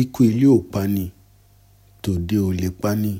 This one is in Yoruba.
Ikú ilé ò pa ni, tòde ò lè pa ni